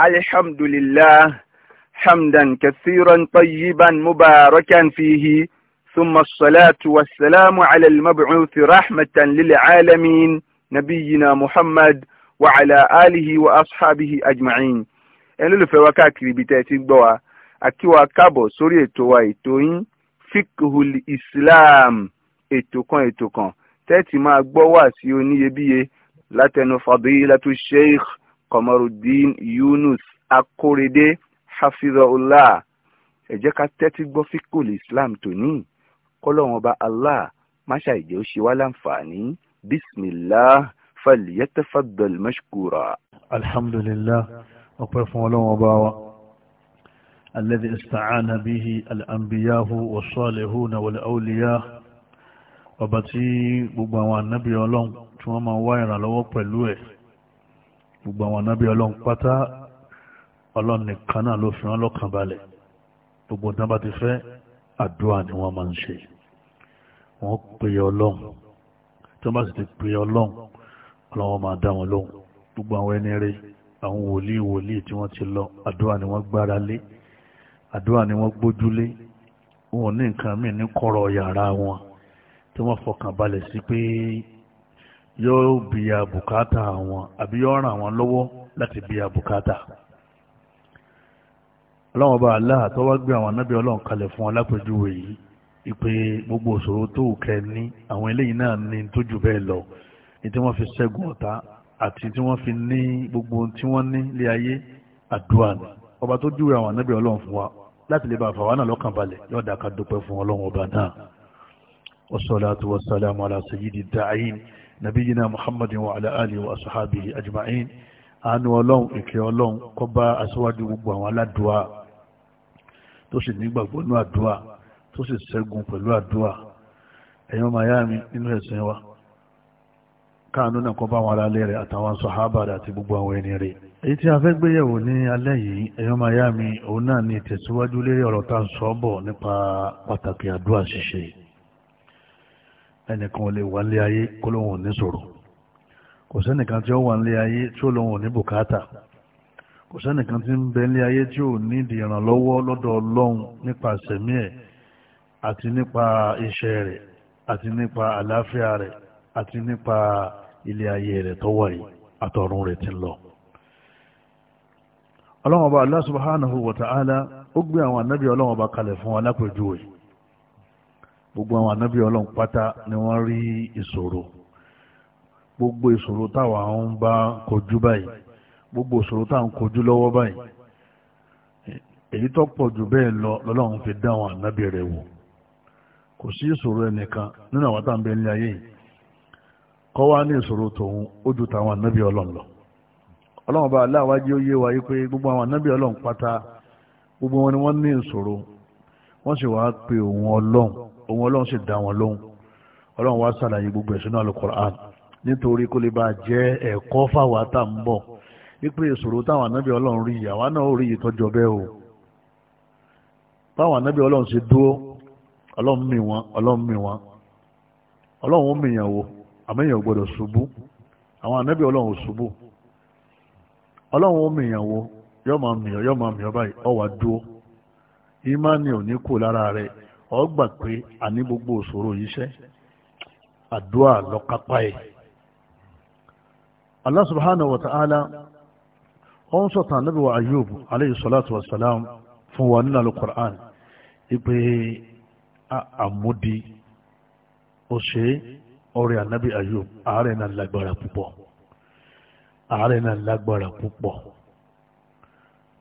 الحمد لله حمدا كثيرا طيبا مباركا فيه ثم الصلاة والسلام على المبعوث رحمة للعالمين نبينا محمد وعلى آله وأصحابه أجمعين ẹni ló fẹ́ wá káàkiri ibi tẹ́ ẹ ti gbọ́ wa àkíwá káàbọ̀ sórí ètò wa ètò yín fikhul islam ètò kan ètò kan tẹ́ẹ̀tì máa gbọ́ wá sí oníyebíye látẹnu fadilatu Kọmọrùdín Yunus Akórèdé hafizahullah ẹ jẹ́ ká tẹ́tí gbọ́ fíkùl Islam tòní kọ́lọ́wọ́n ọba Allah máṣá ìjẹ́ ó ṣe wá láǹfààní bismillah falyatafaddal mashkura. alhamdulillah ọpẹ́ fún ọlọ́wọ́n ọba wa alladhi ista'ana bihi al-anbiyahu was-salihuna wal-awliya ọba tí gbogbo àwọn ànábì ọlọ́run tí wọ́n máa wá ìrànlọ́wọ́ pẹ̀lú ẹ̀ gbogbo àwọn anábì ọlọ́run pátá ọlọ́run nìkan náà ló fi wọn lọ́kàn balẹ̀ gbogbo nǹkan bá ti fẹ́ àdúrà ni wọ́n máa ń ṣe wọ́n pe ọlọ́run tí wọ́n bá sì ti pe ọlọ́run ọlọ́run máa dá wọn lóhùn gbogbo àwọn ẹni rẹ àwọn wòlíì wòlíì tí wọ́n ti lọ àdúrà ni wọ́n gbára lé àdúrà ni wọ́n gbójúlé wọn ò ní nǹkan míì ní kọ̀rọ̀ yàrá wọn tí wọ́n fọkàn balẹ̀ sí pé yóò bí abùkátà àwọn àbí yóò ràn àwọn lọ́wọ́ láti bí abùkátà ọlọ́wọ́n bá aláà tó wá gbé àwọn anábì ọlọ́run kalẹ̀ fún alápèjúwe yìí ìpè gbogbo òṣòro tó kẹ ní àwọn eléyìí náà ní tójú bẹ́ẹ̀ lọ ní tí wọ́n fi ṣẹ́gun ọ̀tá àti tí wọ́n fi ní gbogbo tí wọ́n ní lé ayé àdúrà ni ọba tó júwe àwọn anábì ọlọ́run fún wa láti lè bá àfàwọn náà lọ́kàn balẹ̀ yóò dá dúpẹ́ fún ọlọ́run ọba náà wassalatu wassalamu ala sayyidi da'in nabiyina muhammadin wa ala alihi wa sahabihi ajma'in àánú ọlọ́run ìkẹ́ ọlọ́run kó bá aṣíwájú gbogbo àwọn aládùá tó sì nígbàgbọ́ nínú àdúà tó sì ṣẹ́gun pẹ̀lú àdúà ẹ̀yin ọmọ ayá mi nínú ẹ̀sìn wa káàánú náà kó bá àwọn aráalé rẹ̀ àtàwọn sọ̀hábà rẹ̀ àti gbogbo àwọn ẹni rẹ̀ èyí tí a fẹ́ gbéyẹ̀wò ní alẹ́ yìí ẹ̀yin ọmọ ayá mi òun náà ni ìtẹ̀síwájú lérí ọ̀rọ̀ tá à ń sọ bọ̀ nípa pàtàkì àdúà ṣíṣe yìí ẹnìkan ò lè wà nílé ayé kó lóun ò ní ṣòro kò sẹ́nìkan tí ó wà nílé ayé tí ó lóun ò ní bùkátà kò sẹ́nìkan tí ń bẹ nílé ayé tí ò ní ìdí ìrànlọ́wọ́ lọ́dọ̀ ọlọ́run nípa sẹ̀mí ẹ̀ àti nípa iṣẹ́ rẹ̀ àti nípa àlàáfíà rẹ̀ àti nípa ilé ayé rẹ̀ tó wà yìí àtọ̀run rẹ̀ ti lọ. ọlọ́run ọba Allah subhanahu wa ta'ala ó gbé àwọn ànábì ọlọ́run ọba kalẹ̀ fún wa lápèjúwe gbogbo àwọn anábì ọlọ́run pátá ni wọn rí ìṣòro gbogbo ìṣòro táwa ń bá kojú báyìí gbogbo ìṣòro táwa ń kojú lọwọ. báyìí èyí tó jù bẹ́ẹ̀ lọ lọ́lọ́run fi dá àwọn wò kò sí ìṣòro ẹnìkan nínú àwọn táwọn ní ayé yìí wá ní ìṣòro tòun ó ju táwọn lọ bá aláwájú ó yé wa gbogbo àwọn wọn ni òun ọlọ́run sì dá wọn lóhùn ọlọ́run wá sàlàyé gbogbo ẹ̀sùn náà Al-Qur'an nítorí kó lè bá jẹ́ ẹ̀kọ́ fáwọn àtà ń bọ̀ wípé ìṣòro táwọn ọlọ́run rí àwa náà ò rí tọ́jọ́ bẹ́ẹ̀ o báwọn ọlọ́run dúró ọlọ́run mì wọn ọlọ́run mì wọn. ọlọ́run mìyàn gbọ́dọ̀ ṣubú àwọn ọlọ́run ṣubú ọlọ́run mìyàn ọ gbà pé àní gbogbo òṣòro yíṣẹ́ àdúrà lọ́kápá ẹ̀ Allah subhanahu wa ta'ala ó ń sọ̀tàn Ànábì wa Ayub alayhi salatu wa salam fún wa nínú al-Qur'an ipe àmúdi ó ṣe ọrẹ Ànábì Ayub ààrẹ náà lágbára púpọ̀ ààrẹ náà lágbára púpọ̀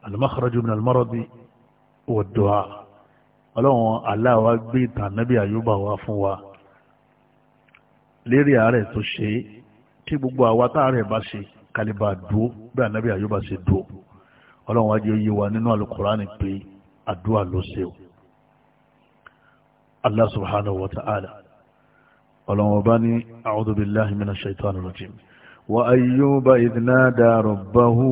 al-makhraju wa ad ọlọ́run aláwa gbé ìtàn nábì àyùbá wa fún wa lérí àárẹ̀ tó ṣe kí gbogbo àwa táàrẹ̀ bá ṣe kálíbà dúó bí ànábì àyùbá ṣe dúó ọlọ́run wá jẹ́ oyé wa nínú àlùkùránì pé àdúrà ló ṣe o allah subhanahu wa ta'ala ọlọ́run ọba ní a'udhu billahi minash shaitani rajim wa ayyuba idh nada rabbahu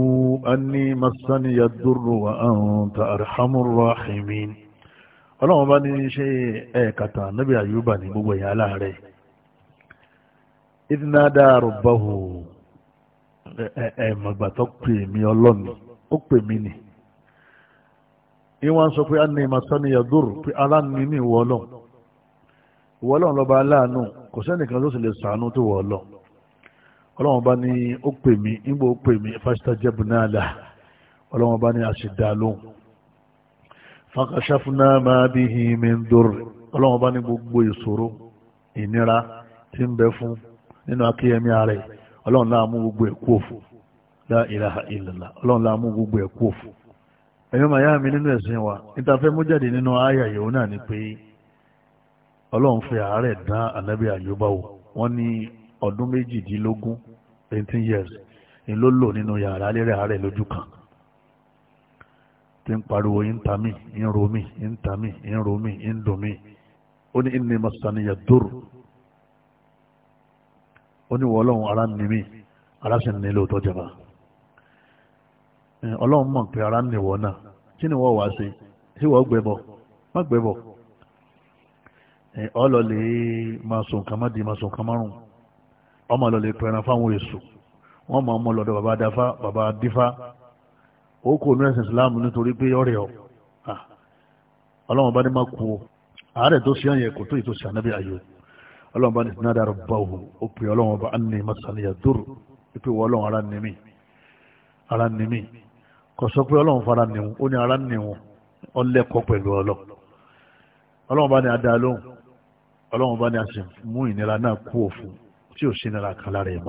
anni massaniya ad-durru wa anta arhamur rahimin. ọlọ́wọ́n bá ní ṣe ẹ̀ẹ̀kàtà níbi àyùbá ní gbogbo ìyá aláàárẹ̀ ìdínádà rọ̀báhù ẹ̀ẹ̀mọ̀gbà tó pè mí ọlọ́ni ó pè mí nì ìwọ̀n sọ a na ìmọ̀sánìyà pé aláàánú ní ìwọ ọlọ́run kò sẹ́nìkan ló sì lè tó bá ní ó pè mí nígbà ó pè faka máa bí hi mi ń dòrò ọlọ́run bá ní gbogbo ìṣòro ìnira tí ń bẹ fún nínú akéyẹmí ọlọ́run láàmú gbogbo kú òfò gbogbo ẹ̀ kú òfò ẹ̀yọ́ mi nínú ẹ̀sìn wa ìtafẹ́ mú jáde nínú àyà yòó náà ni pé ọlọ́run fi àárẹ̀ dán ànábì wọ́n ní ọdún méjìdínlógún 18 years ni ló lò nínú yàrá lérè kan tí ń pariwo ń ta mí ń ro mí ń ta mí ń ó ní masaniya ó ní ara ní mí ara sì ní lóòótọ́ jẹba ọlọ́run mọ̀ pé ara ní wọ́n náà kí ni wọ́n wá sí sí wọ́n má ọlọ́lẹ̀ máa sùn di máa sùn kàmá rùn ọmọ ọlọ́lẹ̀ pẹ̀rẹ̀ fáwọn èso wọ́n máa lọ́dọ̀ bàbá dáfá bàbá dífá ó kò ní ẹ̀sìn islam nítorí pé ọ̀rẹ́ ọ ọlọ́run bá ní má kú o àárẹ̀ tó ṣíyàn yẹ kò tó ìtòsí ànábì ayò ọlọ́run bá ní sinadà rẹ̀ bá òhù ó pè ọlọ́run bá ní masaniya dúró ipe wọ ọlọ́run ara nìmí ara nìmí kò sọ pé ọlọ́run fara nìwọ̀n ó ní ara nìwọ̀n ọlẹ́kọ̀ọ́ pẹ̀lú ọlọ́ ọlọ́run bá ní adá lóhùn ọlọ́run bá ní àṣẹ ìnira náà kú òfin tí ò sí ìnira kan lára ẹ̀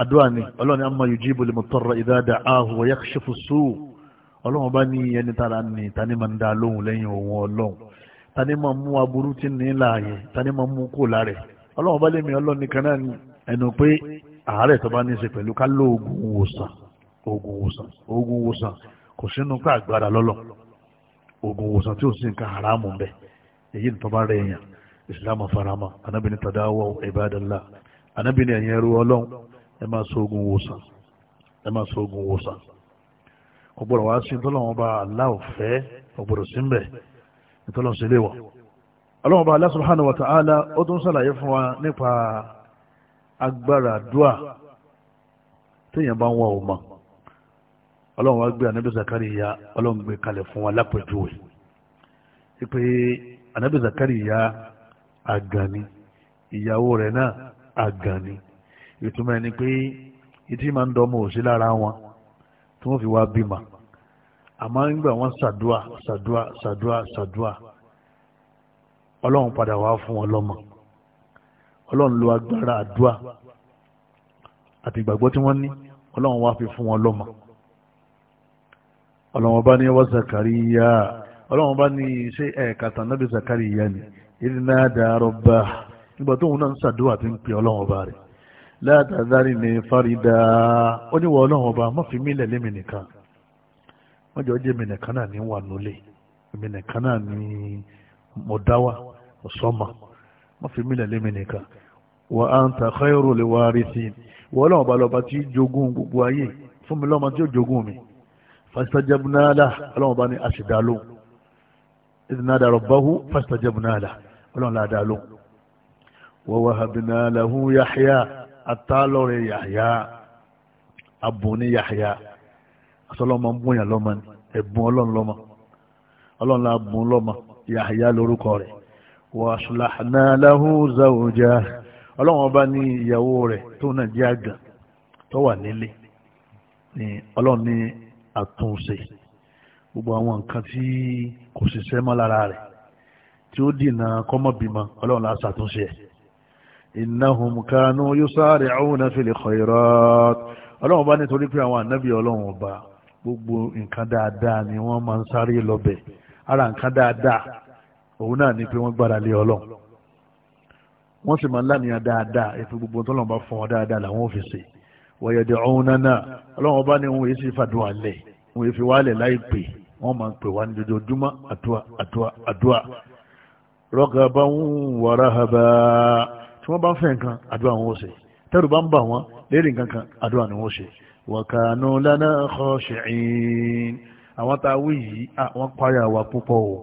àdúrà ni ọlọ́run ni amma yujibu al-mutarra idha da'ahu wa yakshifu as-su' ọlọ́run bá ní ẹni tara ni tani máa ń da lóhùn lẹ́yìn òun ọlọ́run tani máa mú aburú tí ní láàyè tani máa mú kó láre ọlọ́run bá lèmi ọlọ́run nìkan náà ni ẹnu pé àárẹ̀ tó bá ní í ṣe pẹ̀lú ká lo oògùn wòsàn oògùn wòsàn oògùn wòsàn kò sínú pé àgbára lọ́lọ́ oògùn wòsàn tí ò sí nǹkan haramu bẹ èyí ni tó rẹ̀ èèyàn ìsìlámù farama anábìnrin tadawo ibadallah anábìnrin ẹ̀yìn ọlọ́run ẹ máa so oògùn wòsàn ẹ máa so oògùn wòsàn ọgbọ́dọ̀ wá sí tọ́lọ́wọ́n bá aláwọ̀ fẹ́ ọgbọ́dọ̀ sí mbẹ̀ ìtọ́lọ́wọ́n sí ọlọ́wọ́n bá Allah subhanahu wa ta'ala ó tún sàlàyé fún wa nípa agbára dua téèyàn bá ń wá òun mọ́ ọlọ́run wá gbé anabi zakariya ọlọ́run gbé kalẹ̀ fún wa lápẹ̀júwe ipe anabi zakariya agani ìyàwó rẹ̀ náà agani ìtumọ̀ ẹni pé ìtí máa ń dọ́mọ òsí lára wọn tí wọ́n fi wá bímọ àmọ́ nígbà wọn ṣàdúà ṣàdúà ṣàdúà ṣàdúà ọlọ́run padà wá fún wọn lọ́mọ ọlọ́run lo agbára àdúà àti ìgbàgbọ́ tí wọ́n ní ọlọ́run wá fi fún wọn lọ́mọ ọlọ́run bá ní wá Zakariya ọlọ́run bá ní ṣe ẹ̀ẹ̀ka tàn nábì Zakariya ni ìdí náà dàrọ̀ bá nígbà tóun náà ń ṣàdúà tí ń pè ọlọ́run bá rẹ̀ látàzárí ni fárídà ó ní wọ́n ọlọ́run ọba má fi mí lẹ̀ lémi nìkan wọ́n jọ jẹ́ èmi nìkan náà ní wà nulẹ̀ èmi nìkan náà ní mọ̀dáwà ọ̀sọ́mà má fi mí lẹ̀ lémi nìkan wa anta khayrul warithin wọ́n ọlọ́run ọba lọ́ba tí jogún gbogbo ayé fún mi lọ́mọ tí ó jogún mi fastajabna lah ọlọ́run ọba ní àṣìdálò idnada rabbahu àtàlọ́rẹ̀ yàhíà abùn ní yàhíà àtọ́lọ́mọ lọ́mọ ni ẹ̀bùn ọlọ́run lọ́mọ ọlọ́run la bùn lọ́mọ yàhíà lórúkọ rẹ̀ wa aslahna lahu zawjah ọlọ́run ọba ní ìyàwó rẹ̀ tó náà jẹ́ àgàn tó wà nílé ni ọlọ́run ní àtúnṣe gbogbo àwọn nǹkan tí kò lára rẹ̀ tí ó إنهم كانوا يسارعون في الخيرات. ọlọ́run bá nítorí pé àwọn ànábì ọlọ́run ọba gbogbo nǹkan dáadáa ni wọ́n máa ń sáré lọ́bẹ̀ ara nǹkan dáadáa òun náà ni pé wọ́n gbára lé ọlọ́run wọ́n sì máa ń lánìyàn dáadáa ètò gbogbo tọ́lọ́run bá fún wọn dáadáa làwọn ò fi ṣe wa yad'unana ọlọ́run bá ní òun yìí sì fàdùn àlẹ̀ òun yìí fi wálẹ̀ láìpè wọ́n máa ń pè wá ní dojoojúmọ́ àdúà àdúà àdúà ragaban wa rahaba tí wọ́n bá ń fẹ́ nǹkan àdúrà wọn ó ṣe tẹ́rù bá ń bà wọ́n lérí nǹkan kan àdúrà ni wọ́n ṣe wọ̀kànú lánà khashi'in àwọn tá a wí yìí wọ́n páyà wa púpọ̀ o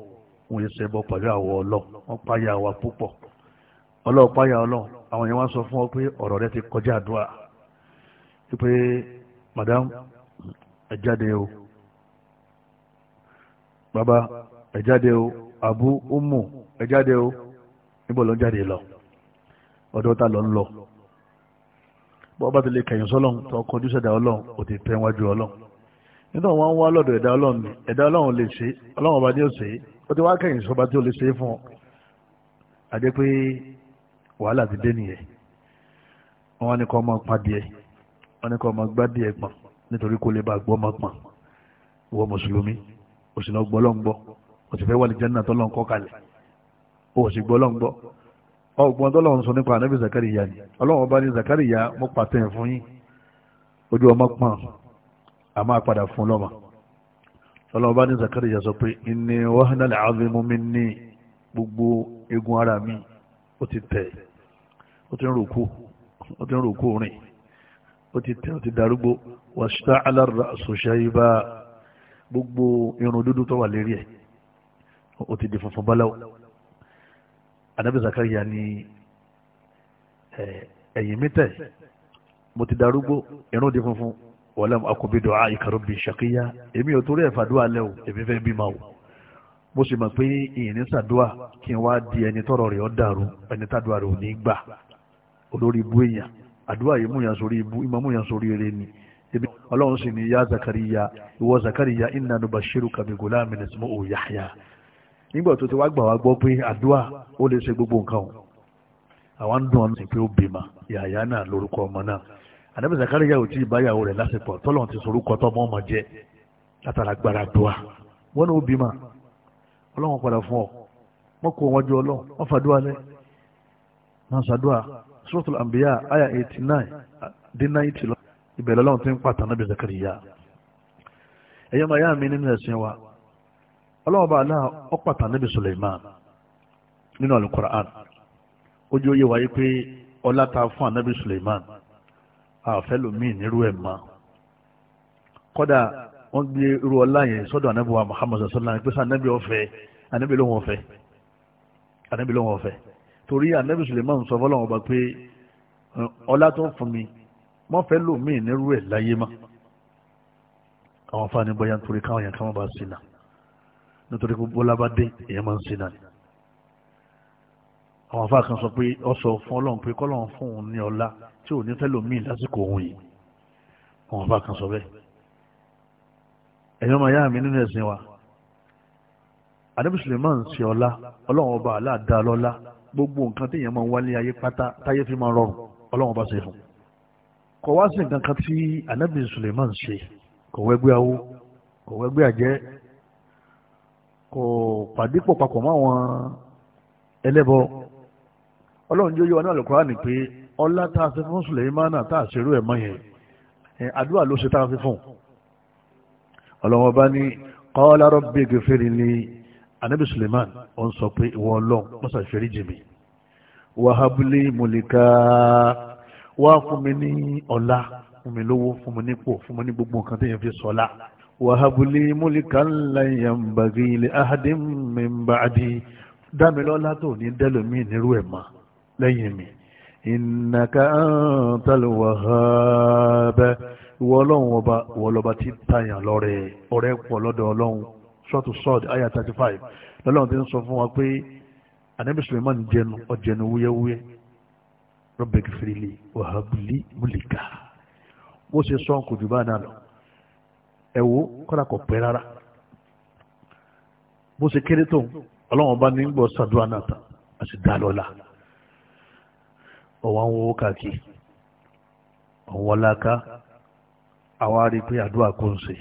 wọ́n yẹ sẹ́bọ̀ pẹ̀lú àwọ̀ ọlọ́ wọ́n páyà wa púpọ̀ ọlọ́ọ̀ páyà ọlọ́ àwọn yẹn wá sọ fún ọ pé ọ̀rọ̀ rẹ ti kọjá àdúrà pé madam ẹ jáde o baba ẹ jáde o abu umu ẹ jáde o níbo ló ń jáde lọ ọ̀dọ́ ta lọ lọ bọ́ bá ti lè kẹ̀yìn sọ́lọ́n tó kọjú sẹ́dá ọlọ́run ò ti tẹ́ wájú ọlọ́run nítorí wọ́n ń wá lọ́dọ̀ ẹ̀dá ọlọ́run ni ẹ̀dá ọlọ́run lè ṣe ọlọ́run ọba ní òṣè ó ti wá kẹ̀yìn sọ́ba tí ó lè ṣe é fún ọ àdé pé wàhálà ti dé nìyẹn wọ́n ní kọ́ ọmọ padìẹ wọ́n ní kọ́ ọmọ gbádìẹ pọ̀n nítorí kó lè bá gbọ́ ọmọ pọ̀n wọ́n mùsùlùmí òsì gbọ́ ọlọ́run gbọ́ wà ní jẹ́nà tọ́lọ́run ọgbọ́n tó lọ́wọ́ sọ nípa ànábì zakariya ni ọlọ́wọ́ bá ní zakariya mo pàtẹ́ fún yín ojú ọmọ pọ́n a máa padà fún lọ́mọ ọlọ́wọ́ bá ní zakariya sọ pé inni wahana al-azimu minni gbogbo egun ara mi ó ti tẹ̀ ó ti ń ròkú ó ti ń ròkú rìn ó ti tẹ̀ ó ti darúgbó washta'ala ar-ra'su shayba gbogbo irun dúdú tó wà lérí ẹ̀ ó ti di funfun báláwo anabi Zakariya ní ẹ̀yìn mi tẹ̀ mo ti darúgbó irun di funfun wọlé akubi dọ̀ á ìkàrọ̀ bíi ṣàkíyá èmi ò torí ẹ̀ fàdúrà lẹ́ o èmi fẹ́ bímọ o mo sì mọ̀ pé ìyìnrín sàdúà kí n wá di ẹni tọrọ rẹ̀ ọ́ dàrú ẹni tàdúà rẹ̀ ò ní gbà olórí ibú èèyàn àdúrà yìí múyàn sórí ibú ìmọ̀ múyàn sórí eré ni ebi ọlọ́run sì ní ya Zakariya ìwọ Zakariya inna nubashiruka bi gulamin ismuhu Yahya nígbà tó ti wá gbà wá gbọ́ pé àdúrà ó lè ṣe gbogbo nǹkan o àwọn ń dùn ọ́nà pé ó bímọ yàyà náà lórúkọ ọmọ náà ànábì Zakariya ò tí ì báyàwó rẹ̀ lásìkò tọ́lọ̀ ti sorúkọ tọ́mọ ọmọ jẹ látara gbára dùà wọn ni ó bímọ ọlọ́run padà fún ọ wọn kó wọn jọ ọlọ́run wọn fàdúrà lẹ wọn sàdúrà Suratul Anbiya àyà eighty nine dín náìtì lọ ìbẹ̀rẹ̀ ọlọ́run ti ń pàtàkì ànábì Zakariya ẹ̀yọ́ màá yá mi ọlọ́ọ̀bá náà ọ̀pàtà níbi Suleiman nínú alukur'an ojú oyè wáyé pé ọlá ta fún anabi Suleiman àfẹlòmíì nírú ẹ̀ ma kọ́dà wọ́n gbé irú ọlá yẹn sọ́dọ̀ anabi wa Muhammad sallallahu alaihi wasallam anabi ọ̀fẹ́ anabi ló wọn fẹ́ anabi ló wọn fẹ́ torí anabi Suleiman sọ fọlọ́wọ́n ọba pé ọlá tó fún mi wọ́n fẹ́ lòmíì nírú ẹ̀ láyé ma àwọn afáàní bọ́yá nítorí káwọn yẹn káwọn bá sí náà nítorí gbogbo lábàdé èèyàn máa ń sin náà àwọn afá kan sọ pé ọ sọ fún ọlọ́run pé kọ́lọ́run fún òun ní ọlá tí ò ní fẹ́lòmíì lásìkò òun yìí àwọn afá kan sọ bẹ́ẹ̀ ẹ̀yọ́ máa yá mi nínú ẹ̀sìn wa àdébù suleman ń ṣe ọlá ọlọ́run ọba aláàdá lọ́lá gbogbo nǹkan tí èèyàn máa ń wálé ayé pátá táyé fi máa rọrùn ọlọ́run ọba ṣe fún kò wá sí nǹkan kan tí kò pàdípò papọ̀ mọ́ àwọn ẹlẹ́bọ ọlọ́run yóò yọ wọn ní àlùkùránì pé ọlá tá a fi fún Sùlẹ̀mánà tá a ṣerú ẹ̀ mọ́ yẹn àdúrà ló ṣe tá a fi fún ọlọ́run ọba ní qala rabbi ghfirli anabi Suleiman ó ń sọ pé ìwọ ọlọ́run mọ́sá ìfẹ́rí jìmì wàhábùlé mùlìkà wá fún mi ní ọlá fún mi lówó fún mi nípò fún mi ní gbogbo nǹkan tó yẹn fi sọ́lá. So وهب لي ملكا لن ينبغي لأحد من بعدي dámi lọ́lá tó ní dẹ́lòmí nírú ẹ̀ ma lẹ́yìn mi innaka antal wahhab ìwọ ọlọ́run ọba ìwọ ọlọ́ba ti tàyàn lọ́rẹ̀ ọ̀rẹ́ pọ̀ lọ́dọ̀ ọlọ́run sọ́ọ̀tù sọ́ọ̀dì àyà 35 lọ́lọ́run ti ń sọ fún wa pé anabi suleiman jẹnu ọjẹnu wúyẹ́wúyẹ́ rabbi gfirli wahabli mulika bó ṣe sọ́ọ̀kù jù bá náà lọ Ewu kọ́dà kò pẹ́ rárá bó ṣe kéré tó ọlọ́wọ́n bá ní gbọ́ sàdúrà náà tán a sì dá lọ́la ọ̀wọ́n ń wọ́wọ́ káàkiri ọ̀wọ́n láká àwọn arí pé àdúrà kò ń ṣe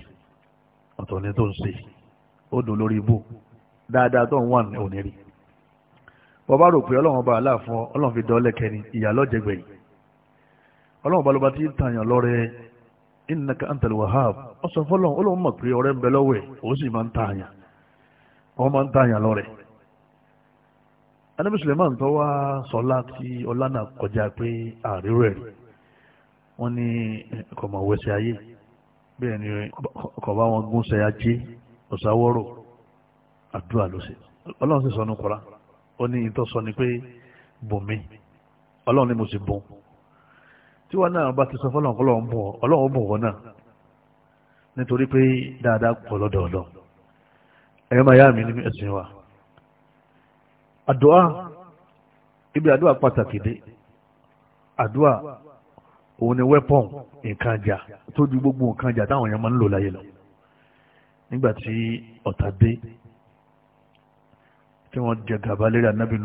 ọ̀tọ̀ ní tó ń ṣe ó dùn lórí ibú dáadáa tó ń wà ní òní ti ń lọ́rẹ́ antal ó sọ fọlọ́n ó lóun mọ̀ pé ọ̀rẹ́ ń bẹ lọ́wọ́ ẹ̀ ó sì máa ń ta àyàn wọ́n máa ń ta àyàn lọ́rẹ̀. anábì Suleiman tó wá sọlá tí ọlá náà kọjá pé àrírò ẹ̀ wọ́n ní kọ̀ wẹ̀sẹ̀ ayé bẹ́ẹ̀ ni kọ̀ bá wọn gúnṣẹ́ ajé ọ̀sáwọ́rò àdúrà ló ṣe ọlọ́run sì sọ ní ó ní ìtọ́ sọ ni pé bùnmi ọlọ́run ni mo sì bùn tí wọn náà bá ti sọ fọlọ́n nítorí pé dáadáa pọ̀ lọ́dọ̀ ọ̀lọ́ ẹ̀yọ́ máa yá mi nínú ẹ̀sìn wa àdúà ibi àdúà pàtàkì dé àdúà òun ni wẹ́pọ̀n nǹkan jà tó ju gbogbo nǹkan jà táwọn èèyàn máa ń lò láyé lọ nígbà tí ọ̀tá dé tí wọ́n jẹ gàba lérí ànábì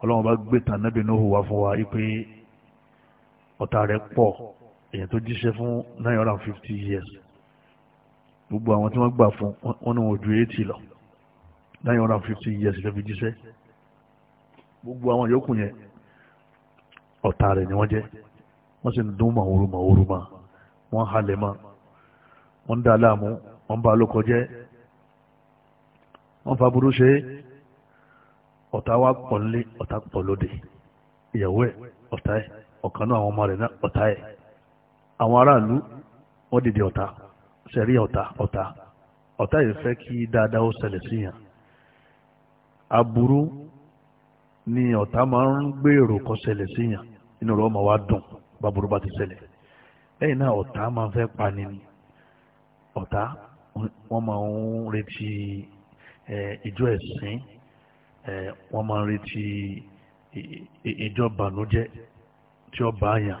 ọlọ́run bá gbé tàn ànábì Nuh fún wa yí pé ọ̀tá rẹ̀ pọ̀ èèyàn tó jíṣẹ́ fún nine hundred and fifty years gbogbo àwọn tí wọ́n gbà fún wọn ní wọn ju eighty lọ nine hundred and fifty years ló fi jíṣẹ́ gbogbo àwọn yòókù yẹn ọ̀tá rẹ̀ ni wọ́n jẹ́ wọ́n sì ń dún màwòrò màwòrò mà wọ́n halẹ̀ mà wọ́n ń dá láàmú wọ́n ń bá lóko jẹ́ wọ́n fa burú ṣe ọ̀tá wa pọ̀ nílé ọ̀tá pọ̀ lóde ìyàwó ẹ̀ ọ̀tá ẹ̀ ọ̀kan náà àwọn ọmọ rẹ̀ náà ọ̀tá ẹ̀. àwọn aráàlú wọ́n dìde ọ̀tá sẹ̀rí ọ̀tá ọ̀tá ọ̀tá yìí fẹ́ kí dáadáa ó ṣẹlẹ̀ sí yàn aburú ni ọ̀tá máa ń gbèrò kó ṣẹlẹ̀ sí yàn inú rẹ̀ ọmọ wa dùn bàbúrò bá ti ṣẹlẹ̀ lẹ́yìn náà ọ̀tá máa fẹ́ pani ni ọ̀tá wọ́n máa ń retí ìjọ ẹ̀sìn wọ́n máa ń retí ìjọ bànújẹ́ tí ó bá yàn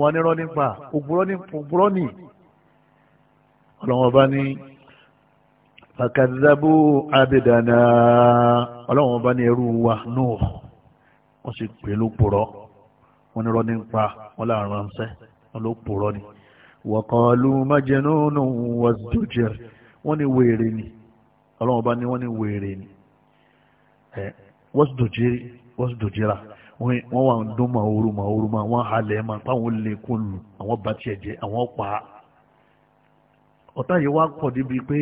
wọn nírọ́ nípa ògbúrọ́ ní ọlọ́run ọba ní fàkàdàbò abidana ọlọ́run ọba ní ẹrú wa náà wọ́n sì pè ló pòrọ́ wọn nírọ́ nípa wọn láàrin ránṣẹ́ wọn ló pòrọ́ ni wọ̀kọ̀ọ̀lù májẹ̀núnù wọ́sdójẹ̀r wọ́n ní wèrè ni ọlọ́run ọba ní wọ́n ní wèrè ni wọ́sdójẹ́ra wọ́n wà ń dún màoru màoru ma wọ́n halẹ̀ ma táwọn lè kún lù àwọn bá tiẹ̀ jẹ́ àwọn pa ọ̀tá yìí wá pọ̀ débi pé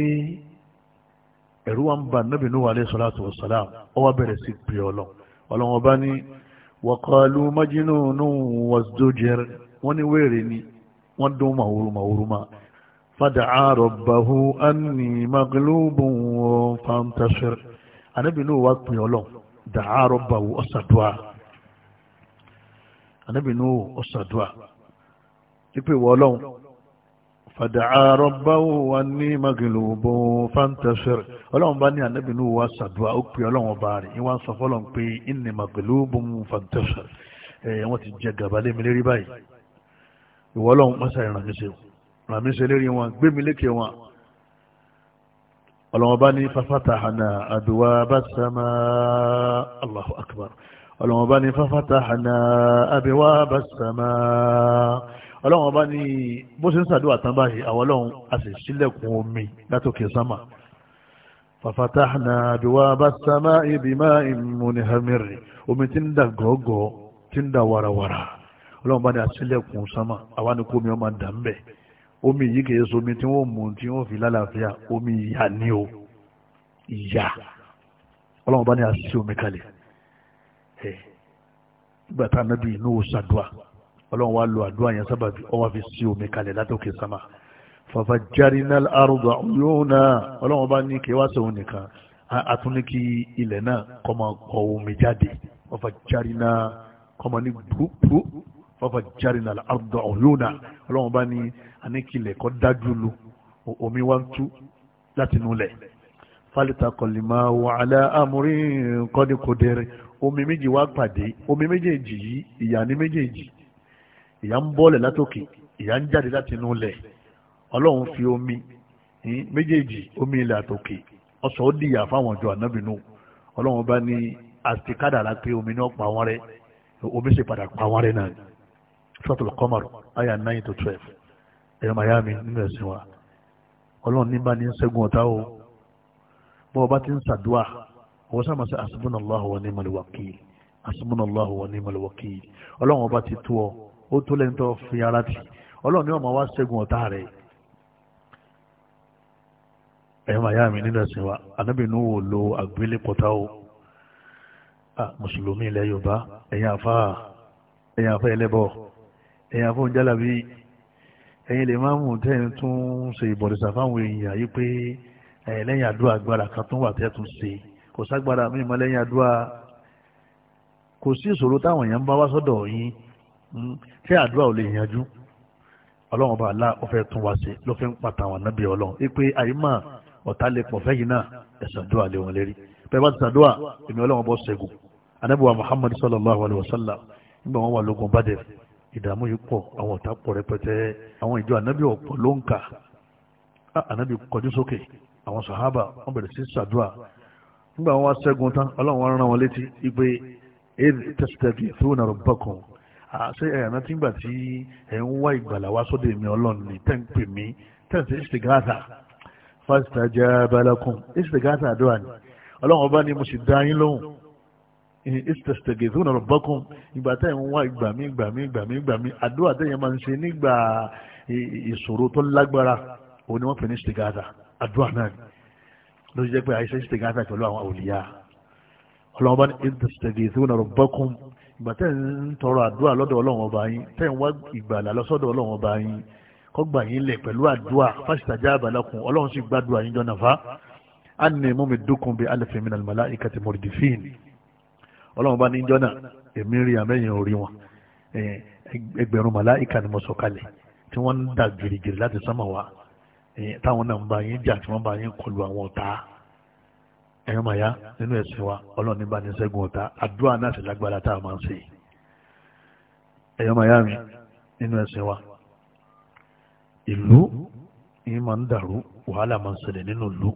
ẹ̀rú wa ń ba nàbì Nuhu alayhi salatu wa salam ọ wá bẹ̀rẹ̀ sí pè ọ lọ ọlọ́wọ́n bá ní wa qalu majnunun wazdujir wọ́n ní wéèrè ni wọ́n dún màoru màoru ma fada'a rabbahu anni maglubun fantasir ànábì Nuhu pè ọ lọ dàá rọ̀bàwò ọ̀sàdùà ànábì nù ó ṣàdúà pípé ìwọ ọlọ́run fàdàá rọ́báwò wa ní magilòbó fantasir ọlọ́run bá ní ànábì nù wá ṣàdúà ó pè ọlọ́run ọba rẹ̀ ìwà ń sọ fọlọ́n pé ìní magilòbó fantasir ẹ̀ wọ́n ti jẹ gàba lé mi lérí báyìí ìwọ ọlọ́run mọ́sá ìrànmíṣẹ́ ìrànmíṣẹ́ lérí wọn gbé mi lékè wọn ọlọ́run bá ní fafátahànà àdúwà bá sàmà Allahu akbar ọlọ́wọ́n bá ní fafatahna abwaba sama ọlọ́wọ́n bá ní bó ṣe ń sàdúrà tán báyìí àwọn ọlọ́run a sì sílẹ̀kùn omi látòkè sámà fafatahna abwaba sama bima'in munhamir omi tí ń da gọ́gọ́ tí ń da warawara ọlọ́wọ́n bá ní a sílẹ̀kùn sámà àwa ni kó omi ọmọ dà ń bẹ̀ omi yìí kìí so omi tí wọ́n mú tí wọ́n fi lálàáfíà omi ìyá ni o ìyá ọlọ́wọ́n bá ní a sí omi kalẹ̀ ẹ̀ ìgbà tá anábì inú wo ṣàdúà ọlọ́run wa lo àdúà yẹn sábàbí ó wá fi sí omi kalẹ̀ látòkè sámà fàfà jarina arúgbà yóò náà ọlọ́run bá ní kí wá sóun nìkan atúní kí ilẹ̀ náà kọ́ máa omi jáde fàfà jarina kọ́ máa ní gbúgbú fàfà jarina arúgbà yóò náà ọlọ́run bá ní aníkilẹ̀ kọ́ dájú lu omi wá ń tú látinú lẹ̀ fálítà kọ̀lìmá wàhálà amúrí kọ́díkọ́dẹ́rẹ́ omi méjì wá pàdé omi méjèèjì yìí ìyà ní méjèèjì ìyà ń bọ́lẹ̀ látòkè ìyà ń jáde láti inú lẹ̀ ọlọ́run fi omi méjèèjì omi ilẹ̀ àtòkè ọ̀sọ̀ ó dìyà fáwọn ọjọ́ ànábìnú ọlọ́run bá ní àtikádàrá pé omi náà pa wọ́n rẹ́ omi sì padà pa wọ́n rẹ́ náà sọ́tòlù kọ́mọ̀rọ̀ àyà nine to twelve ẹ̀rọ mayami nínú ẹ̀sìn wa ọlọ́run ní bá ní ṣẹ́gun ọ̀tá o bọ́ọ̀ bá ti ń ṣàdúà wọ́n sábà sẹ́ asbunallahu wa ni'mal wakil asbunallahu wa ni'mal wakil ọlọ́run ọba ti tó ọ ó tó lẹ́ni tó fi ara tì ọlọ́run ni wọ́n máa wá ṣẹ́gun ọ̀tá rẹ̀ ẹ̀yọ́ màá yá mi nínú ẹ̀sìn wa anábì inú wo lo àgbélépọ̀tà o mùsùlùmí ilẹ̀ yorùbá ẹ̀yin àfa ẹ̀yin àfa ẹlẹ́bọ̀ ẹ̀yin àfa òǹjálàbí ẹ̀yin lè máa mú tẹ́yìn tún ṣe ìbọ̀dẹ̀sà fáwọn èèyàn yìí pé ẹ̀yìn lẹ́yìn àdúrà agbára kan tún wà tẹ́ tún ṣe kò ságbára mi mọ́ lẹ́yìn àdúrà kò sí ìṣòro táwọn èèyàn ń bá wá sọ́dọ̀ yín tí hmm, àdúrà ò lè yanjú ọlọ́run ọba àlá ọ̀fẹ́ tún wá sí ló fi ń pàtà àwọn ànábì ọlọ́run wípé àyímà ọ̀tá lè pọ̀ fẹ́ náà ẹ̀sán àdúrà lé wọn lérí bẹ́ẹ̀ bá ti sàdúrà èmi ọlọ́run ọba ṣẹ́gun ànábì wa sallallahu alayhi wa sallam nígbà wọn wà lógun Badr ìdààmú yìí pọ̀ àwọn ọ̀tá pọ̀ rẹpẹtẹ àwọn ìjọ ànábì ọ̀pọ̀ ló ń kà ah, ànábì kọjú sókè àwọn sàhábà wọn bẹ̀rẹ̀ sí sàdúrà nígbà wọn wá ṣẹ́gun tán ọlọ́run wọn rán wọn létí ipe tẹ́sítẹ́bì tó nà rabbakum àṣẹ ẹ̀yànà tí gbà tí ẹ̀ ń wá ìgbàlà wá sóde mi ọlọ́run ní tẹ́ ń pè mí tẹ́ ń ṣe ìṣègáàtà fastajaba lakum ìṣègáàtà àdúrà ni ọlọ́run ọba ni mo sì dá yín lóhùn ìṣègáàtà rabbakum ìgbà tẹ́ ń wá ìgbà mí ìgbà mí ìgbà mí ìgbà mí àdúrà tẹ́ yẹn máa ń ṣe nígbà ìṣòro tó lágbára òun ni wọ́n pè ní ìṣègáàtà àdúrà náà ni ló jẹ́ pé àìsàn ṣe gáàsà pẹ̀lú àwọn òlìyà ọlọ́wọ́ bá ní ìdìsẹ̀dì tí wọ́n rọ̀bọ́kùn ìgbà tẹ́ ń tọrọ àdúrà lọ́dọ̀ ọlọ́wọ́n ọba yín tẹ́ ń wá ìgbàlà lọ́sọ́dọ̀ ọlọ́wọ́n ọba yín kọ́gbà yín lẹ̀ pẹ̀lú àdúrà fásitàjà àbàlàkùn ọlọ́run sì gbàdúrà yín jọ́nà fa á ní mú mi dúkùn bí alẹ́fẹ̀ mi nàlùmọ́lá ìkàtí mọ̀rìdìfín ọlọ́run bá ní jọ́nà èmi rí amẹ́yìn orí wọn ẹgbẹ̀rún màlá ìkànnì mọ̀sọ̀kalẹ̀ tí wọ́n ń dà gìrìgìrì láti sánmà wá táwọn náà ń bá yín jà tí wọ́n bá yín kọlu àwọn ọ̀tá ẹ̀yọ́ màyá nínú ẹ̀sìn wa ọlọ́ọ̀ni bá ní ṣẹ́gun ọ̀tá àdúrà náà sì lágbára tá a máa ń ṣe ẹ̀yọ́ màyá mi nínú ẹ̀sìn wa ìlú yìí máa ń dàrú wàhálà máa ń ṣẹlẹ̀ nínú ìlú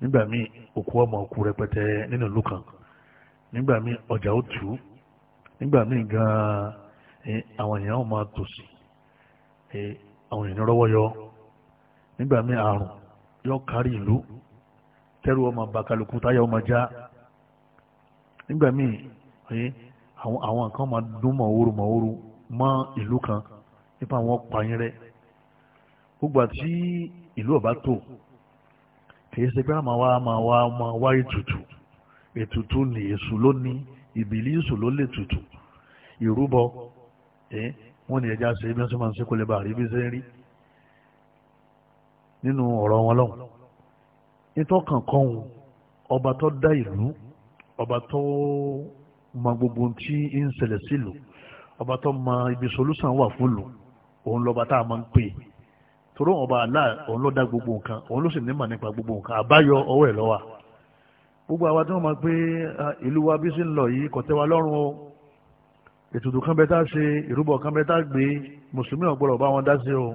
nígbà míì òkú ọmọ òkú rẹpẹtẹ nínú ìlú kan nígbà míì ọjà ó tù ú nígbà míì gan-an àwọn èèyàn máa tòṣì àwọn èèyàn rọ́wọ́ yọ nígbà míì àrùn yóò kárí ìlú tẹ́rù ọmọ bàkàlùkù táyà ọmọ já nígbà míì àwọn àwọn nǹkan máa dún mọ̀wúrú mọ̀wúrú mọ́ ìlú kan nípa àwọn pààyàn rẹ gbogbo àti ìlú ọba tó kìí ṣe pé a máa wá máa wá máa wá ètùtù ètùtù ní èṣù ló ìbílí èṣù ló lè tutù ìrúbọ wọn ni ẹja ṣe bí wọn ṣe máa ń ṣe kó lè bá rí rí nínú ọ̀rọ̀ wọn lọ́wọ́ nítorí kankan òun ọba tó dá ìlú ọba tó mọ gbogbo tí ń ṣẹlẹ̀ sílùú ọba tó mọ ibi solúsàn wà fún lù òun lọ́ba tá a máa ń pè é torí ọba Allah òun ló dá gbogbo nǹkan òun ló sì ní mà nípa gbogbo nǹkan àbáyọ ọwọ́ ẹ̀ lọ́wọ́ gbogbo àwa tí wọ́n máa pé ìlú wa bí sí ń lọ yìí kò wa lọ́rùn o ètùtù kan bẹ́ẹ̀ tá a ṣe ìrúbọ kan bẹ́ẹ̀ tá a gbé mùsùlùmí ọ̀gbọ́dọ̀ bá wọn dá sí o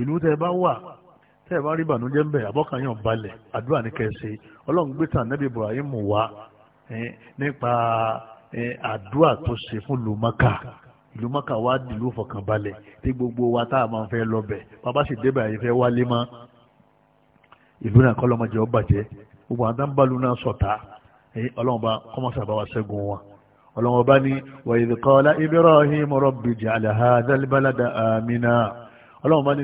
ìlú tẹ́ bá wà tẹ́ ẹ̀ bá rí ìbànújẹ́ ń bẹ̀ àbọ́kàyàn balẹ̀ àdúrà ní kẹsẹ̀ ọlọ́run gbé Ibrahim wá nípa tó ṣe fún dìlú tí gbogbo wa tá a máa fẹ́ bàbá sì wálé ìlú náà gbogbo àwọn táwọn náà sọ̀tà ọlọ́run bá kọ́mọ́sàbá wa ṣẹ́gun wọn ọlọ́run bá ní wa idh Ibrahim rabbi ij'al hadha al amina bá ní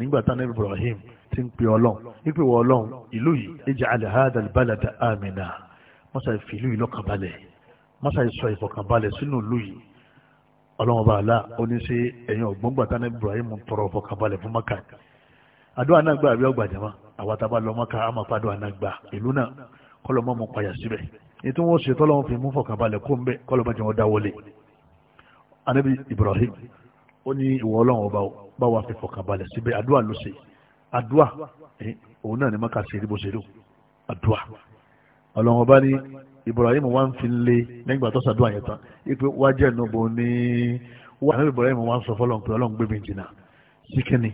nígbà tán Ibrahim tí ń pè ọlọ́run ìpè wọ ọlọ́run ìlú yìí ij'al hadha al-balada amina mọ́sá ìfìlú yìí lọ́kànbalẹ̀ mọ́sá ìsọ ìfọkànbalẹ̀ sínú ìlú yìí ọlọ́run ọba àlá oníṣe ẹ̀yìn ọ̀gbọ́n gbàtà ní Ibrahim tọrọ ìfọkànbalẹ̀ fún Maka àdúrà náà gbà àbí ọgbà jẹ́mọ́ àwọn tábà lọ Maka àmọ́ pàdó àná gbà ìlú náà kọ́lọ́ mọ́ mọ́ payà síbẹ̀ ètò wọn ṣe tọ́lọ́run fi mú fọkànbalẹ̀ kó ń bẹ́ kọ́lọ́ bá jẹ́ wọn dáwọlé Ibrahim ó ní ìwọ ọlọ́run ọba bá wa fi fọkànbalẹ̀ síbẹ̀ àdúrà ló ṣe Adua, eh, òun náà ni maka ṣe rí bó ṣe rí àdúà ọlọ́run ọba ní Ibrahim wá ń fi lé nígbà tó ṣàdúà yẹn tán ipe wá jẹ́ ìnúbo ni, wà ní Ibrahim wá ń sọ fọlọ́n pé ọlọ́run gbé mi jìnnà sí kínni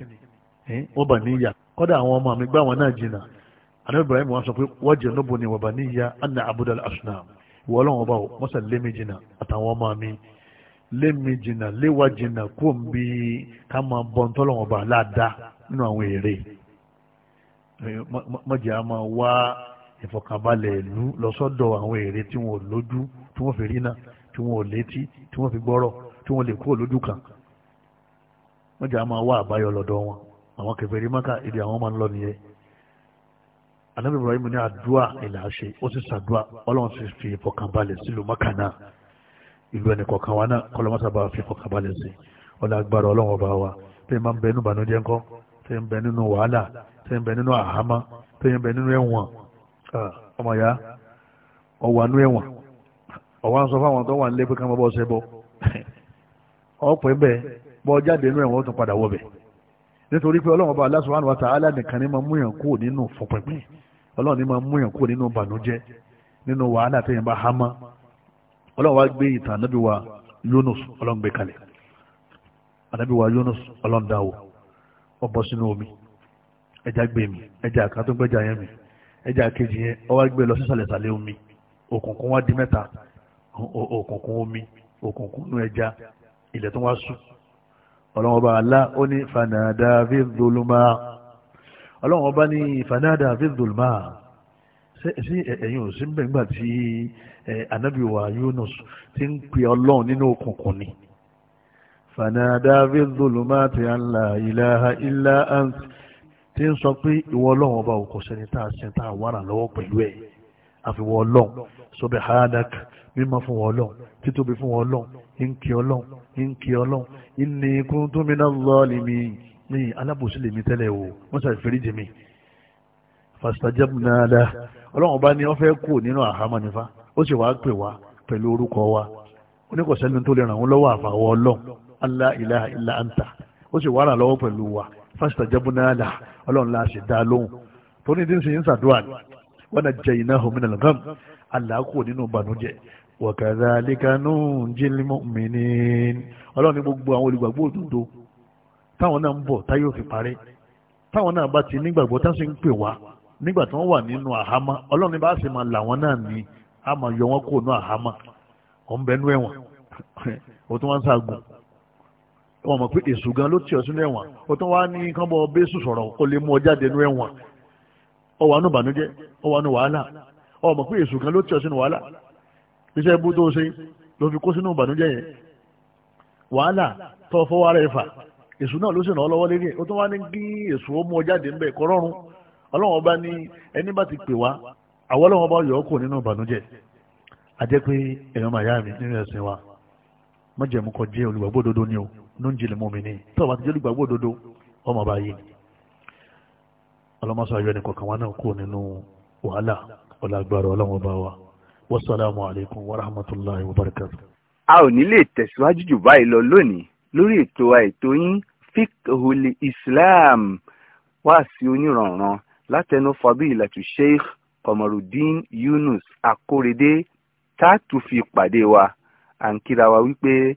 eh, wọ́n bà níyà kọ́dà àwọn ọmọ mi gbá àwọn náà jìnnà àná Ibrahim wá sọ pé wọ́n jẹ́ ìnúbo ní wà bà níyà anna abudul asunam ìwọ ọlọ́run ọba ò mọ́sà lé mi jìnnà àtàwọn ọmọ mi lé mi jìnnà léwà jìnnà kó n bí ká máa bọ́ ntọ́lọ́run ọba láàdáa nínú àwọn èrè mọ̀jẹ̀ a máa wá ìfọ̀kànbalẹ̀ ìlú lọ́sọ́dọ̀ àwọn èrè tí wọn ò lójú tí wọn fi rí náà tí wọn ò létí tí wọn fi gbọ́rọ̀ tí wọn lè kúrò lójú kan mọ̀jẹ̀ a máa wá àbáyọ lọ́dọ̀ wọn àwọn kèfèrí Mákà ibi àwọn máa ń lọ nìyẹn anabi Ibrahim ní àdúà ilà ṣe ó sì ṣàdúà ọlọ́run sì fi ìfọ̀kànbalẹ̀ sílùú Mákà náà ìlú ẹnì kọ̀ọ̀kan wa náà kọ́lọ́mọ́sàbà fi ìfọ̀kànbalẹ̀ sí ọlọ́ agbára ọlọ́run ọba wa bẹ́ẹ̀ máa ń bẹ inú ìbànújẹ́ ńkọ́ tẹ́ ń bẹ nínú wàhálà tẹ́ ń bẹ nínú àhámọ́ tẹ́ ń bẹ nínú ẹ̀wọ̀n ọmọ ìyá ọwà nú ẹ̀wọ̀n ọwà ń sọ fáwọn tó wà ń lé pé ká mọ́ bọ́ ṣe bọ́ ọ̀pẹ́ bẹ́ẹ̀ bọ́ jáde nú ẹ̀wọ̀n ó tún padà wọ̀bẹ̀ nítorí pé ọlọ́run ọba Allah subhanahu wa ta'ala nìkan ní máa múyàn kúrò nínú fọpẹ́pẹ́ ọlọ́run ní máa múyàn kúrò nínú bànújẹ́ nínú wàhálà tẹ́yìn bá hámọ́ ọlọ́run wá gbé ìtàn ànábì wa Yunus ọlọ́run gbé kalẹ̀ ànábì wa Yunus ọlọ́run dáwọ́ ọbọ̀ sínú omi ẹja gbé mi ẹja kan tó gbẹ́jà yẹn mi ẹja kejì yẹn ọwá gbé lọ sísàlẹ̀sàlẹ̀ omi òkùnkùn wá di mẹ́ta òkùnkùn omi òkùnkùn nú ẹja ilẹ̀ tó wá sùn ọlọ́run ọba alá ó ní fanada fi doluma ọlọ́run ọba ní fanada fi doluma sí ẹ̀yìn òsínbẹ̀ nígbà tí anabi wa Yunus ti ń pè ọlọ́run nínú òkùnkùn ni fanada fi zulumati an la ilaha illa ant tí ń sọ pé ìwọ ọlọ́run ọba òkò sẹ́ni tá a sẹ́ tá a wàrà lọ́wọ́ pẹ̀lú ẹ̀ àfiwọ́ ọlọ́run subhanak mímọ́ fún wọn ọlọ́run títóbi fún wọn ọlọ́run ìǹkì ọlọ́run ìǹkì ọlọ́run inni kuntu minaz zalimin ní alábòsí lèmi tẹ́lẹ̀ o wọ́n sàì fèrèjì mi fastajabna lah ọlọ́run ọba ni wọ́n fẹ́ kú nínú àhámọ́ nífa ó sì wàá pè wá pẹ̀lú orúkọ wa oníkọ̀sẹ́ni tó lè ràn wọ́n lọ́wọ́ àfàwọ́ ọlọ́run Allah ilaha illa anta ó sì wàrà lọ́wọ́ pẹ̀lú wa fastajabna lahu ọlọ́run la ṣe dá lóhùn tó ní dínsìn ń sàdúrà ni wa najjaynahu minal gham aláàkó nínú ìbànújẹ́ wa kadhalika nunjil mu'minin ọlọ́run ní gbogbo àwọn olùgbàgbọ́ òdodo táwọn náà ń bọ̀ táyé òfin parí táwọn náà bá ti nígbàgbọ́ tá sì ń pè wá nígbà tí wọ́n wà nínú àhámọ́ ọlọ́run bá sì máa là wọ́n náà ní a yọ wọ́n kó nú àhámọ́ ọ̀ ń bẹ́nu ẹ̀wọ̀n ó tún wá ń ságun wọn mọ̀ pé èṣù gan ló tì sínú ẹ̀wọ̀n ó tún wá ní kán bọ́ bẹ́sù sọ̀rọ̀ ó lè mú ọ jáde nínú ẹ̀wọ̀n ọ wà nù bànújẹ́ wà nù wàhálà ó mọ̀ pé gan ló sínú wàhálà iṣẹ́ ibú tó ṣe ló fi kó sínú bànújẹ́ yẹn wàhálà tó fọwọ́ ara ẹ̀ fà ọ jáde ní ẹni bá ti pè wá ló ń jìnlẹ̀ mọ́mi ní tó bá ti jẹ́ olùgbàgbọ́ òdodo ọmọ bá yìí ọlọ́mọsọ ayọ́ nìkan kan wá náà kú nínú wàhálà ọlágbára ọlọ́wọ́n bá wa wasalaamu alaykum wa rahmatulahi wa barakatu. a ò ní lè tẹ̀síwájú jù báyìí lọ lónìí lórí ètò àìtó yín fiqhul islam wá sí onírànran látẹnu fadilatu sheikh kọmọrùdín yunus akórèdé tá a tún fi pàdé wa à ń kíra wa wípé.